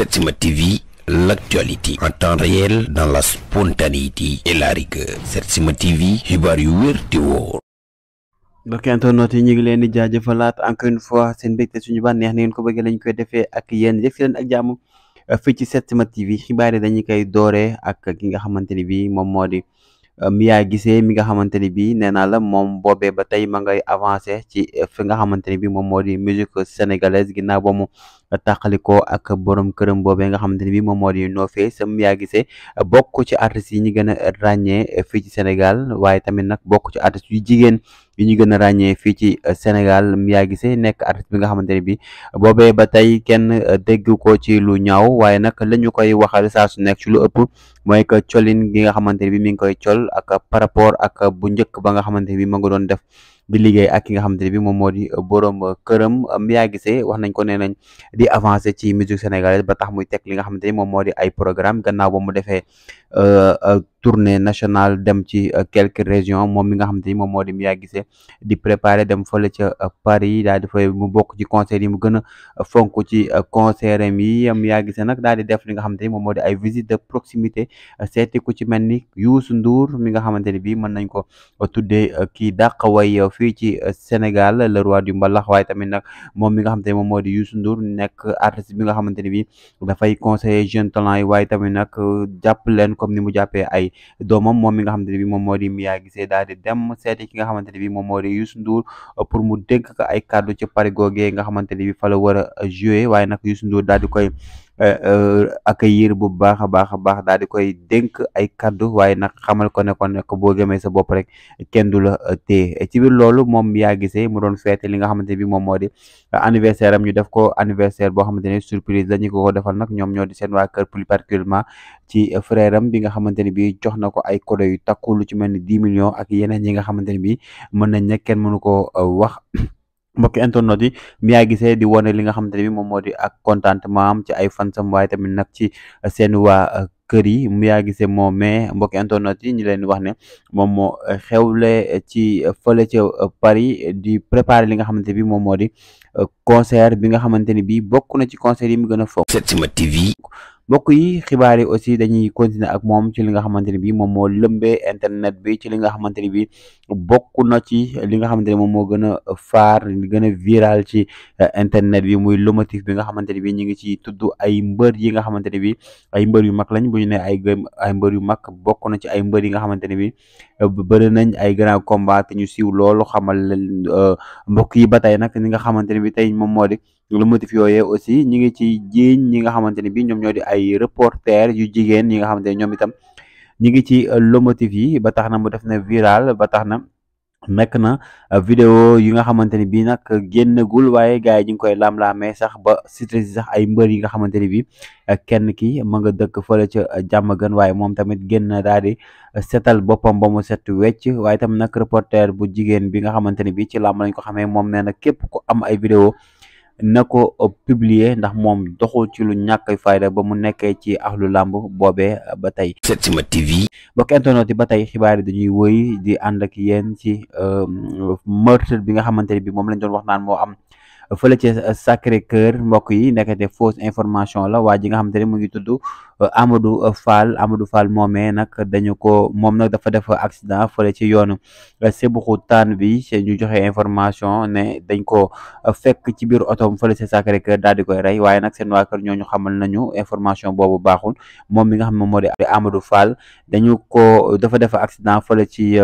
Setsima TV l'actualité en temps réel dans la spontanéité et set si Setsima TV xibaar yu wér te wóor mbokk yi ñu ngi leen di jaajëfalaat encore une fois seen mbégte suñu bànneex ni ngeen ko bëggee lañ koy defee ak yéen yegg si leen ak jàmm uh, fii ci Setsima TV xibaar yi dañu koy dooree ak ki nga xamante ni bi moom moo Mia Guissé mi nga xamante ni bii nee naa la moom boobee ba tey ma ngay avancé ci fi nga xamante ni bii moom moo di musique sénégalaise ginnaaw ba mu tàqalikoo ak borom këram boobee nga xamante ni bii moom moo di No Face Mia Guissé bokk ci artistes yi ñu gën a ràññee fii ci Sénégal waaye tamit nag bokk ci artistes yu jigéen bi ñu gën a ràññee fii ci euh, Sénégal Mia Guissé nekk artiste bi nga xamante ne bi boobee ba tey kenn euh, dégg ko ci lu ñaaw waaye nag la ñu koy waxal saa su nekk ci lu ëpp mooy que colin gi nga xamante ne bi mi ngi koy col ak par rapport ak bu njëkk ba nga xamante ne bi mu nga doon def di liggéey ak ki nga xamante ne bi moom moo di borom këram Mia Guissé wax nañ ko nee nañ di avancé ci musique sénégalaise ba tax muy teg li nga xamante ni moom moo di ay programme gannaaw ba mu defee euh, euh, tournée nationale dem ci quelques région moom mi nga xamante ni moom moo di Mia Guissé di préparé dem fële ca Paris daal di mu bokk ci concert yi mu gën a fonk ci concert am yi Mia Guissé nag daal di def li nga xamante ni moom moo di ay visite de proximité seeti ku ci mel ni Youssou Ndour mi nga xamante ni bi mën nañ ko fii ci euh, Sénégal le roi du mbalax waaye tamit nag moom mi nga xamante ne moom moo di Youssou Ndour nekk artiste bi nga xamante ne bi dafay conseiller jeune talent yi waaye tamit nag euh, jàpp leen comme ni mu jàppee ay doomam moom mi nga xamante ne bi moom moo di Mia Guissé daal di dem seeti ki nga xamante ne bi moom moo di Youssou Ndour euh, pour mu dégg ay kàddu ci Paris googe nga xamante ne bi fa la war a jouer waaye nag Youssou Ndour daal di koy Euh, euh, accueillir bu baax a baax a baax daal di koy dénk ay kaddu waaye nag xamal ko ne ko nekk boo gëmee sa bopp rek kenn du la euh, téye ci biir loolu moom yaa gisee mu doon feete li nga xamante bi moom moo di anniversaire ñu def ko anniversaire boo xamante ne surprise la ko ko nag ñoom ñoo di seen waa kër plus particulièrement ci frère bi nga xamante ne bi jox na ko ay cadeau yu takku lu ci mel ni dix millions ak yeneen yi nga xamante ne bi mën nañ ne kenn mënu ko wax mbokki internet yi Mia Guissé di wone li nga xamante ne bi moom moo di ak contentement am ci ay fansam waaye tamit nag ci seen waa kër yi Mia Guissé moom mais mbokki internet yi ñu leen wax ne moom moo xewle ci fële ca Paris di préparer li nga xamante bi moom moo di concert bi nga xamante ni bi bokk na ci concert yi mu gën a foog Setsima TV bokk yi xibaar yi aussi dañuy continuer ak moom ci li nga xamante ne bi moom moo lëmbee internet bi ci li nga xamante ne bi bokk na ci li nga xamante ne moom moo gën a faar gën a viral ci eh, internet bi muy lomotif bi nga xamante ne bi ñu ngi ci tudd ay mbër yi nga xamante ne bi ay mbër yu mag lañ bu ñu ay ay mbër yu mag bokk na ci ay mbër yi nga xamante ne bi eh, bëri nañ ay grand combat te ñu siw loolu xamal eh, mbokk yi ba tey nag li nga xamante ne bi tey moom moo di le motif aussi ñi ngi ci jiiñ ñi nga xamante ne bi ñoom ñoo di ay reporter yu jigéen ñi nga xamante ne ñoom itam ñi ngi ci euh, le motif yi ba tax na mu def na viral ba tax na nekk na euh, vidéo yi nga xamante ne bi nag génnagul waaye gars yi ñu ngi koy laam-laamee sax ba cité si sax ay mbër yi nga xamante ne bi euh, kenn ki ma nga dëkk fële ca jàmm gën waaye moom tamit génna daal di setal boppam ba mu set wecc waaye tam nag reporter bu jigéen bi nga xamante ne bi ci làmb lañ ko xamee moom nee na képp ku am ay vidéo na ko publier ndax moom doxu ci lu ñàkk fayda ba mu nekkee ci axlu làmb boobee ba tey Setsima TV mbokk internet yi ba tey xibaar yi dañuy wëy di ànd ak yéen ci euh, meurtre bi nga xamante ne bi moom lañ doon wax naan moo am fële ci euh, Sacré Cœur mbokk yi nekkate fausse information la waa ji nga xamante ne mu ngi tudd euh, Amadou euh, Fall Amadou Fall moomee nag dañu ko moom nag dafa def accident fële ci yoonu Sébikotane bi ñu joxe information ne dañ ko fekk ci biir otoom fële ci Sacré Cœur daal di koy rey waaye nag seen waa kër ñooñu xamal nañu information boobu baaxul moom mi nga xam ne moo di Amadou Fall dañu ko dafa def accident fële ci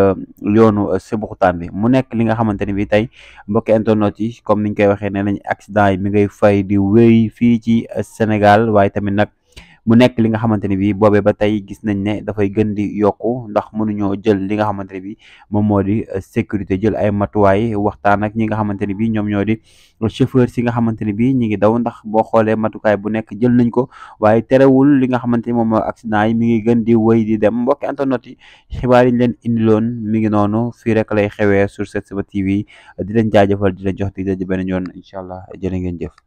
yoonu Sébikotane bi mu nekk li nga xamante ne bi tey mbokki internet yi comme niñ koy waxee nee nañ accident yi mi ngay fay di wéy fii ci Sénégal waaye tamit nag mu nekk li nga xamante ne bi boobee ba tey gis nañ ne dafay gën di yokku ndax mënuñoo jël li nga xamante ne bi moom moo di sécurité jël ay matuwaay waxtaan ak ñi nga xamante ne bi ñoom ñoo di chauffeur si nga xamante ne bi ñi ngi daw ndax boo xoolee matukaay bu nekk jël nañ ko waaye terewul li nga xamante ni moom moo accident yi mi ngi gën di wëy di dem mbokki internet xibaar yi ñu leen indiloon mi ngi noonu fii rek lay xewee sur Setsima TV di leen jaajëfal di leen jox di daje beneen yoon incha allah jërë ngeen jëf